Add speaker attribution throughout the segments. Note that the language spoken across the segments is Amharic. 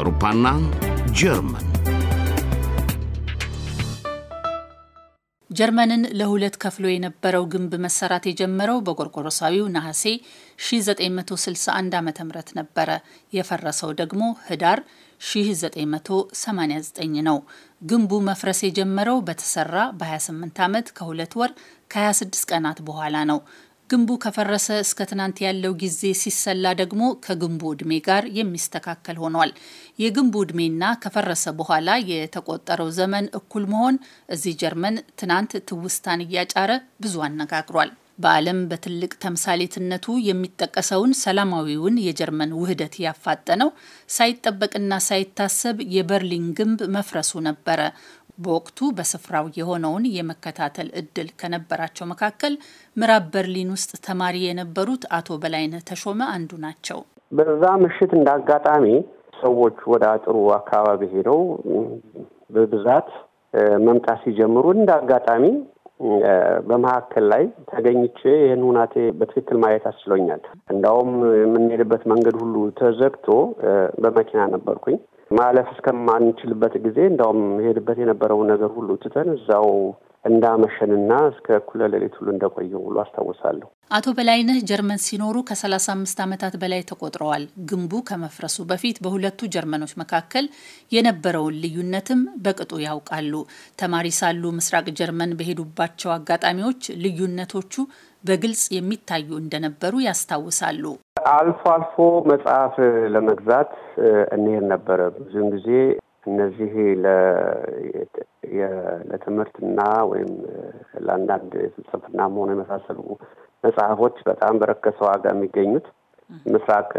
Speaker 1: አውሮፓና ጀርመን
Speaker 2: ጀርመንን ለሁለት ከፍሎ የነበረው ግንብ መሰራት የጀመረው በጎርጎሮሳዊው ነሐሴ 1961 ዓ ም ነበረ። የፈረሰው ደግሞ ህዳር 1989 ነው። ግንቡ መፍረስ የጀመረው በተሰራ በ28 ዓመት ከሁለት ወር ከ26 ቀናት በኋላ ነው። ግንቡ ከፈረሰ እስከ ትናንት ያለው ጊዜ ሲሰላ ደግሞ ከግንቡ ዕድሜ ጋር የሚስተካከል ሆኗል። የግንቡ ዕድሜና ከፈረሰ በኋላ የተቆጠረው ዘመን እኩል መሆን እዚህ ጀርመን ትናንት ትውስታን እያጫረ ብዙ አነጋግሯል። በዓለም በትልቅ ተምሳሌትነቱ የሚጠቀሰውን ሰላማዊውን የጀርመን ውህደት ያፋጠነው ሳይጠበቅና ሳይታሰብ የበርሊን ግንብ መፍረሱ ነበረ። በወቅቱ በስፍራው የሆነውን የመከታተል እድል ከነበራቸው መካከል ምዕራብ በርሊን ውስጥ ተማሪ የነበሩት አቶ በላይነህ ተሾመ አንዱ ናቸው።
Speaker 1: በዛ ምሽት እንደ አጋጣሚ ሰዎች ወደ አጥሩ አካባቢ ሄደው በብዛት መምጣት ሲጀምሩ እንደ አጋጣሚ በመካከል ላይ ተገኝቼ ይህን ሁናቴ በትክክል ማየት አስችሎኛል። እንዳውም የምንሄድበት መንገድ ሁሉ ተዘግቶ በመኪና ነበርኩኝ። ማለፍ እስከማንችልበት ጊዜ እንዳውም ሄድበት የነበረውን ነገር ሁሉ ትተን እዛው እንዳመሸንና እስከ እኩለ ሌሊት ሁሉ እንደቆየው ሁሉ አስታውሳለሁ።
Speaker 2: አቶ በላይነህ ጀርመን ሲኖሩ ከሰላሳ አምስት ዓመታት በላይ ተቆጥረዋል። ግንቡ ከመፍረሱ በፊት በሁለቱ ጀርመኖች መካከል የነበረውን ልዩነትም በቅጡ ያውቃሉ። ተማሪ ሳሉ ምስራቅ ጀርመን በሄዱባቸው አጋጣሚዎች ልዩነቶቹ በግልጽ የሚታዩ እንደነበሩ ያስታውሳሉ።
Speaker 1: አልፎ አልፎ መጽሐፍ ለመግዛት እንሄድ ነበረ። ብዙውን ጊዜ እነዚህ ለትምህርትና ወይም ለአንዳንድ ፍልስፍና መሆኑ የመሳሰሉ መጽሐፎች በጣም በረከሰ ዋጋ የሚገኙት ምስራቅ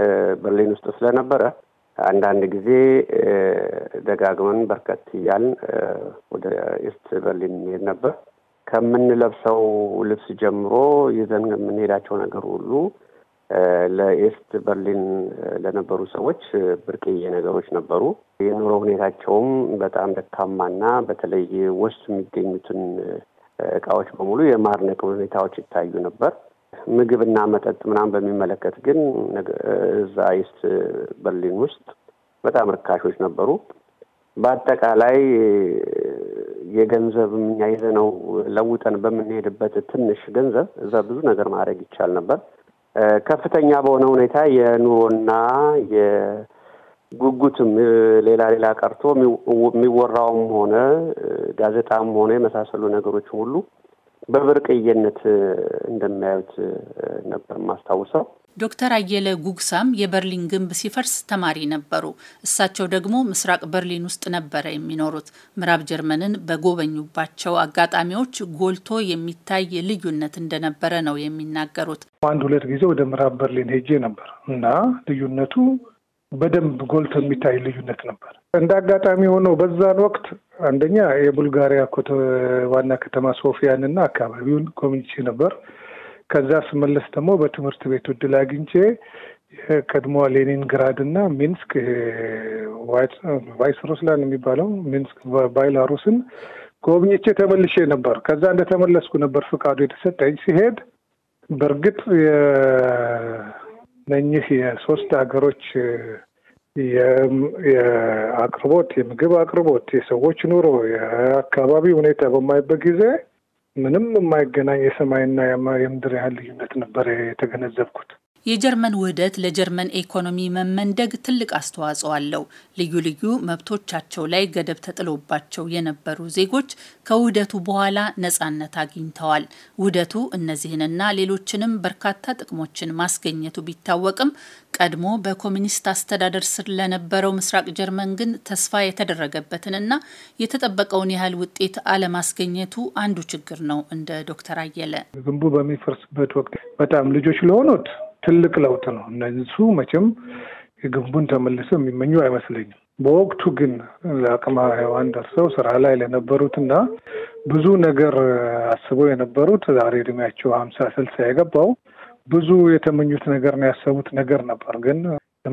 Speaker 1: በርሊን ውስጥ ስለነበረ አንዳንድ ጊዜ ደጋግመን በርከት እያልን ወደ ኢስት በርሊን እንሄድ ነበር። ከምንለብሰው ልብስ ጀምሮ ይዘን የምንሄዳቸው ነገር ሁሉ ለኤስት በርሊን ለነበሩ ሰዎች ብርቅዬ ነገሮች ነበሩ። የኑሮ ሁኔታቸውም በጣም ደካማና በተለይ ውስጥ የሚገኙትን እቃዎች በሙሉ የማርነቅ ሁኔታዎች ይታዩ ነበር። ምግብና መጠጥ ምናምን በሚመለከት ግን እዛ ኤስት በርሊን ውስጥ በጣም ርካሾች ነበሩ። በአጠቃላይ የገንዘብ እኛ ይዘነው ለውጠን በምንሄድበት ትንሽ ገንዘብ እዛ ብዙ ነገር ማድረግ ይቻል ነበር። ከፍተኛ በሆነ ሁኔታ የኑሮና የጉጉትም ሌላ ሌላ ቀርቶ የሚወራውም ሆነ ጋዜጣም ሆነ የመሳሰሉ ነገሮች ሁሉ በብርቅዬነት እንደሚያዩት ነበር ማስታውሰው።
Speaker 2: ዶክተር አየለ ጉግሳም የበርሊን ግንብ ሲፈርስ ተማሪ ነበሩ። እሳቸው ደግሞ ምስራቅ በርሊን ውስጥ ነበረ የሚኖሩት። ምዕራብ ጀርመንን በጎበኙባቸው አጋጣሚዎች ጎልቶ የሚታይ ልዩነት እንደነበረ ነው የሚናገሩት።
Speaker 3: አንድ ሁለት ጊዜ ወደ ምዕራብ በርሊን ሄጄ ነበር እና ልዩነቱ በደንብ ጎልቶ የሚታይ ልዩነት ነበር። እንደ አጋጣሚ ሆነው በዛን ወቅት አንደኛ የቡልጋሪያ ዋና ከተማ ሶፊያን እና አካባቢውን ጎብኝቼ ነበር። ከዛ ስመለስ ደግሞ በትምህርት ቤቱ እድል አግኝቼ የቀድሞ ሌኒንግራድ እና ሚንስክ ቫይስ ሩስላን የሚባለው ሚንስክ ባይላሩስን ጎብኝቼ ተመልሼ ነበር። ከዛ እንደተመለስኩ ነበር ፍቃዱ የተሰጠኝ። ሲሄድ በእርግጥ የነኚህ የሶስት ሀገሮች የአቅርቦት የምግብ አቅርቦት፣ የሰዎች ኑሮ፣ የአካባቢ ሁኔታ በማይበት ጊዜ ምንም የማይገናኝ የሰማይና የምድር ያህል ልዩነት ነበረ የተገነዘብኩት።
Speaker 2: የጀርመን ውህደት ለጀርመን ኢኮኖሚ መመንደግ ትልቅ አስተዋጽኦ አለው። ልዩ ልዩ መብቶቻቸው ላይ ገደብ ተጥሎባቸው የነበሩ ዜጎች ከውህደቱ በኋላ ነጻነት አግኝተዋል። ውህደቱ እነዚህንና ሌሎችንም በርካታ ጥቅሞችን ማስገኘቱ ቢታወቅም ቀድሞ በኮሚኒስት አስተዳደር ስር ለነበረው ምስራቅ ጀርመን ግን ተስፋ የተደረገበትንና የተጠበቀውን ያህል ውጤት አለማስገኘቱ አንዱ ችግር ነው። እንደ ዶክተር አየለ
Speaker 3: ግንቡ በሚፈርስበት ወቅት በጣም ልጆች ለሆኑት ትልቅ ለውጥ ነው። እነሱ መቼም የግንቡን ተመልሰው የሚመኙ አይመስለኝም። በወቅቱ ግን ለአቅመ ሔዋን ደርሰው ስራ ላይ እና ብዙ ነገር አስበው የነበሩት ዛሬ እድሜያቸው ሀምሳ ስልሳ የገባው ብዙ የተመኙት ነገርና ያሰቡት ነገር ነበር። ግን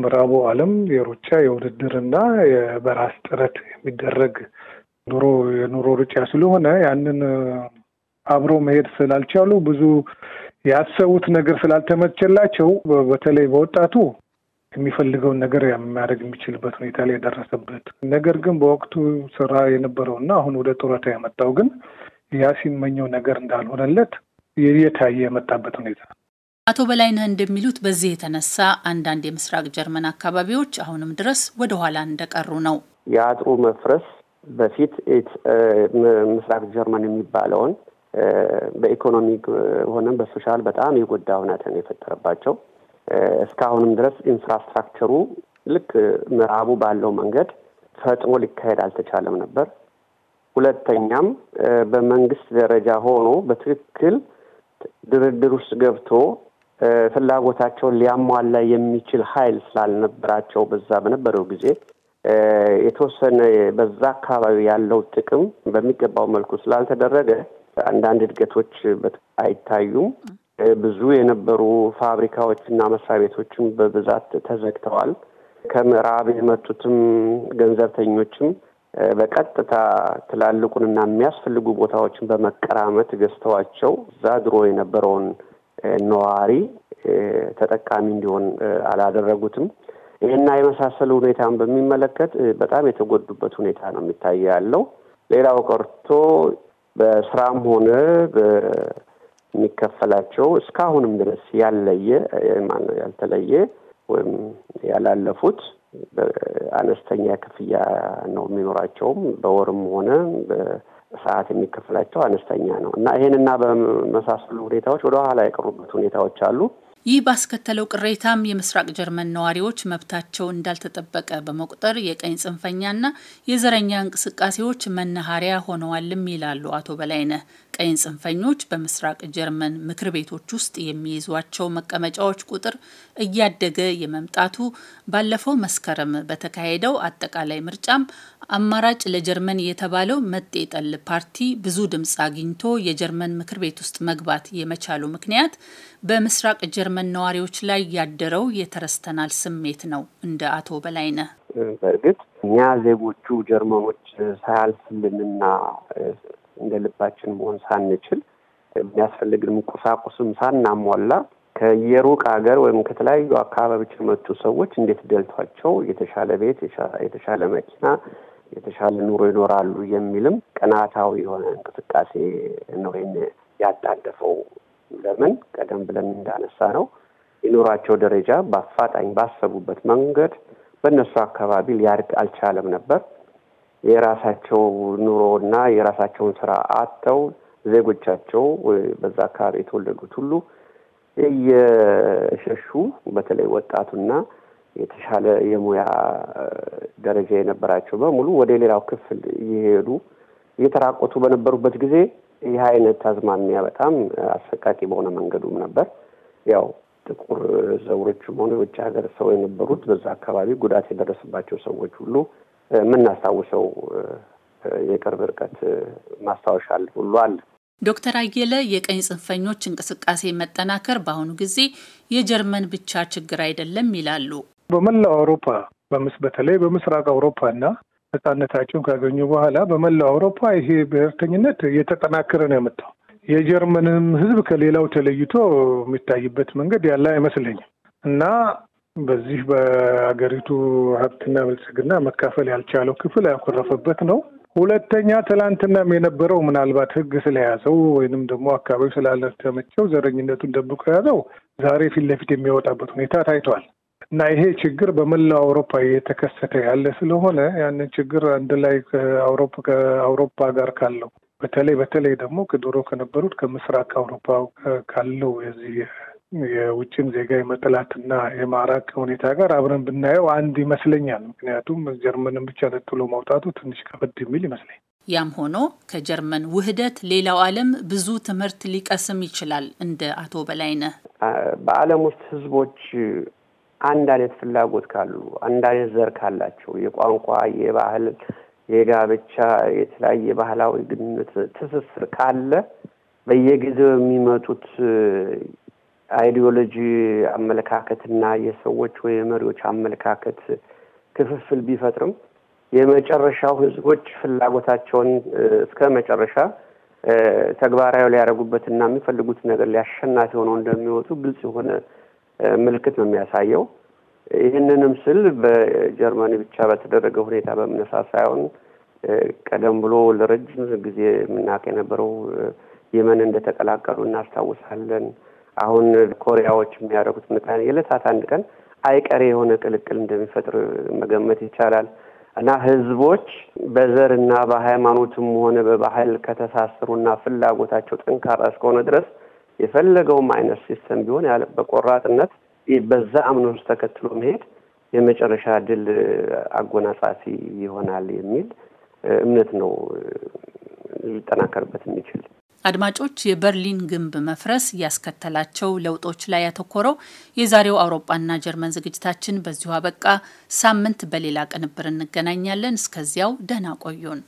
Speaker 3: ምዕራቡ ዓለም የሩጫ የውድድርና የበራስ ጥረት የሚደረግ ኑሮ የኑሮ ሩጫ ስለሆነ ያንን አብሮ መሄድ ስላልቻሉ ብዙ ያሰቡት ነገር ስላልተመቸላቸው በተለይ በወጣቱ የሚፈልገውን ነገር የሚያደርግ የሚችልበት ሁኔታ ላይ የደረሰበት ነገር ግን በወቅቱ ስራ የነበረውና አሁን ወደ ጡረታ የመጣው ግን ያ ሲመኘው ነገር እንዳልሆነለት የታየ የመጣበት ሁኔታ
Speaker 2: አቶ በላይነህ እንደሚሉት በዚህ የተነሳ አንዳንድ የምስራቅ ጀርመን አካባቢዎች አሁንም ድረስ ወደኋላ እንደቀሩ ነው።
Speaker 1: የአጥሩ መፍረስ በፊት ምስራቅ ጀርመን የሚባለውን በኢኮኖሚ ሆነም በሶሻል በጣም የጎዳ ሁነትን የፈጠረባቸው እስካሁንም ድረስ ኢንፍራስትራክቸሩ ልክ ምዕራቡ ባለው መንገድ ፈጥኖ ሊካሄድ አልተቻለም ነበር። ሁለተኛም በመንግስት ደረጃ ሆኖ በትክክል ድርድር ውስጥ ገብቶ ፍላጎታቸውን ሊያሟላ የሚችል ኃይል ስላልነበራቸው በዛ በነበረው ጊዜ የተወሰነ በዛ አካባቢ ያለው ጥቅም በሚገባው መልኩ ስላልተደረገ አንዳንድ እድገቶች አይታዩም። ብዙ የነበሩ ፋብሪካዎችና መስሪያ ቤቶችም በብዛት ተዘግተዋል። ከምዕራብ የመጡትም ገንዘብተኞችም በቀጥታ ትላልቁንና የሚያስፈልጉ ቦታዎችን በመቀራመት ገዝተዋቸው እዛ ድሮ የነበረውን ነዋሪ ተጠቃሚ እንዲሆን አላደረጉትም። ይህና የመሳሰሉ ሁኔታን በሚመለከት በጣም የተጎዱበት ሁኔታ ነው የሚታይ ያለው። ሌላው ቀርቶ በስራም ሆነ በሚከፈላቸው እስካሁንም ድረስ ያለየ ያልተለየ ወይም ያላለፉት አነስተኛ ክፍያ ነው የሚኖራቸውም። በወርም ሆነ በሰዓት የሚከፈላቸው አነስተኛ ነው እና ይሄንና በመሳሰሉ ሁኔታዎች ወደ ኋላ የቀሩበት ሁኔታዎች አሉ።
Speaker 2: ይህ ባስከተለው ቅሬታም የምስራቅ ጀርመን ነዋሪዎች መብታቸው እንዳልተጠበቀ በመቁጠር የቀኝ ጽንፈኛና የዘረኛ እንቅስቃሴዎች መናኸሪያ ሆነዋልም ይላሉ አቶ በላይነህ። ቀኝ ጽንፈኞች በምስራቅ ጀርመን ምክር ቤቶች ውስጥ የሚይዟቸው መቀመጫዎች ቁጥር እያደገ የመምጣቱ ባለፈው መስከረም በተካሄደው አጠቃላይ ምርጫም አማራጭ ለጀርመን የተባለው መጤጠል ፓርቲ ብዙ ድምፅ አግኝቶ የጀርመን ምክር ቤት ውስጥ መግባት የመቻሉ ምክንያት በምስራቅ ጀርመን ነዋሪዎች ላይ ያደረው የተረስተናል ስሜት ነው። እንደ አቶ በላይነ
Speaker 1: በእርግጥ እኛ ዜጎቹ ጀርመኖች ሳያልፍልንና እንደ ልባችን መሆን ሳንችል የሚያስፈልግንም ቁሳቁስም ሳናሟላ ከየሩቅ ሀገር ወይም ከተለያዩ አካባቢዎች የመጡ ሰዎች እንዴት ደልቷቸው የተሻለ ቤት፣ የተሻለ መኪና፣ የተሻለ ኑሮ ይኖራሉ የሚልም ቅናታዊ የሆነ እንቅስቃሴ ነው ይህን ያጣደፈው። ለምን ቀደም ብለን እንዳነሳ ነው የኑሯቸው ደረጃ በአፋጣኝ ባሰቡበት መንገድ በእነሱ አካባቢ ሊያድግ አልቻለም ነበር። የራሳቸው ኑሮና የራሳቸውን ስራ አጥተው ዜጎቻቸው በዛ አካባቢ የተወለዱት ሁሉ እየሸሹ በተለይ ወጣቱና የተሻለ የሙያ ደረጃ የነበራቸው በሙሉ ወደ ሌላው ክፍል እየሄዱ እየተራቆቱ በነበሩበት ጊዜ ይህ አይነት አዝማሚያ በጣም አሰቃቂ በሆነ መንገዱም ነበር። ያው ጥቁር ዘውሮችም ሆነ የውጭ ሀገር ሰው የነበሩት በዛ አካባቢ ጉዳት የደረሰባቸው ሰዎች ሁሉ የምናስታውሰው የቅርብ ርቀት ማስታወሻ ሁሉ አለ።
Speaker 2: ዶክተር አየለ የቀኝ ጽንፈኞች እንቅስቃሴ መጠናከር በአሁኑ ጊዜ የጀርመን ብቻ ችግር አይደለም ይላሉ።
Speaker 3: በመላው አውሮፓ በተለይ በምስራቅ አውሮፓና ነጻነታቸውን ካገኙ በኋላ በመላው አውሮፓ ይሄ ብሔርተኝነት እየተጠናከረ ነው የመጣው። የጀርመንም ሕዝብ ከሌላው ተለይቶ የሚታይበት መንገድ ያለ አይመስለኝም እና በዚህ በሀገሪቱ ሀብትና ብልጽግና መካፈል ያልቻለው ክፍል ያኮረፈበት ነው። ሁለተኛ ትላንትናም የነበረው ምናልባት ህግ ስለያዘው ወይንም ደግሞ አካባቢው ስላልተመቸው ዘረኝነቱን ደብቆ የያዘው ዛሬ ፊት ለፊት የሚያወጣበት ሁኔታ ታይቷል እና ይሄ ችግር በመላው አውሮፓ እየተከሰተ ያለ ስለሆነ ያንን ችግር አንድ ላይ ከአውሮፓ ጋር ካለው በተለይ በተለይ ደግሞ ከዶሮ ከነበሩት ከምስራቅ አውሮፓ ካለው የዚህ የውጭን ዜጋ የመጠላትና የማራቅ ሁኔታ ጋር አብረን ብናየው አንድ ይመስለኛል። ምክንያቱም ጀርመንን ብቻ ነጥሎ ማውጣቱ ትንሽ ከበድ የሚል ይመስለኝ።
Speaker 2: ያም ሆኖ ከጀርመን ውህደት ሌላው ዓለም ብዙ ትምህርት ሊቀስም ይችላል። እንደ አቶ በላይነህ
Speaker 3: በዓለም ውስጥ ህዝቦች
Speaker 1: አንድ አይነት ፍላጎት ካሉ፣ አንድ አይነት ዘር ካላቸው የቋንቋ፣ የባህል፣ የጋብቻ፣ የተለያየ ባህላዊ ግንኙነት ትስስር ካለ በየጊዜው የሚመጡት አይዲዮሎጂ አመለካከትና የሰዎች ወይ የመሪዎች አመለካከት ክፍፍል ቢፈጥርም የመጨረሻው ህዝቦች ፍላጎታቸውን እስከ መጨረሻ ተግባራዊ ሊያደርጉበትና የሚፈልጉት ነገር ሊያሸናፊ ሆነው እንደሚወጡ ግልጽ የሆነ ምልክት ነው የሚያሳየው። ይህንንም ስል በጀርመኒ ብቻ በተደረገ ሁኔታ በምነሳ ሳይሆን ቀደም ብሎ ለረጅም ጊዜ የምናውቅ የነበረው የመን እንደተቀላቀሉ እናስታውሳለን። አሁን ኮሪያዎች የሚያደርጉት ምጣኔ የለሳት አንድ ቀን አይቀሬ የሆነ ቅልቅል እንደሚፈጥር መገመት ይቻላል እና ህዝቦች በዘርና በሃይማኖትም ሆነ በባህል ከተሳሰሩና ፍላጎታቸው ጠንካራ እስከሆነ ድረስ የፈለገውም አይነት ሲስተም ቢሆን ያለ በቆራጥነት በዛ አምኖ ውስጥ ተከትሎ መሄድ የመጨረሻ ድል አጎናጻፊ ይሆናል የሚል እምነት ነው ሊጠናከርበት የሚችል።
Speaker 2: አድማጮች፣ የበርሊን ግንብ መፍረስ ያስከተላቸው ለውጦች ላይ ያተኮረው የዛሬው አውሮፓና ጀርመን ዝግጅታችን በዚሁ አበቃ። ሳምንት በሌላ ቅንብር እንገናኛለን። እስከዚያው ደህና ቆዩን።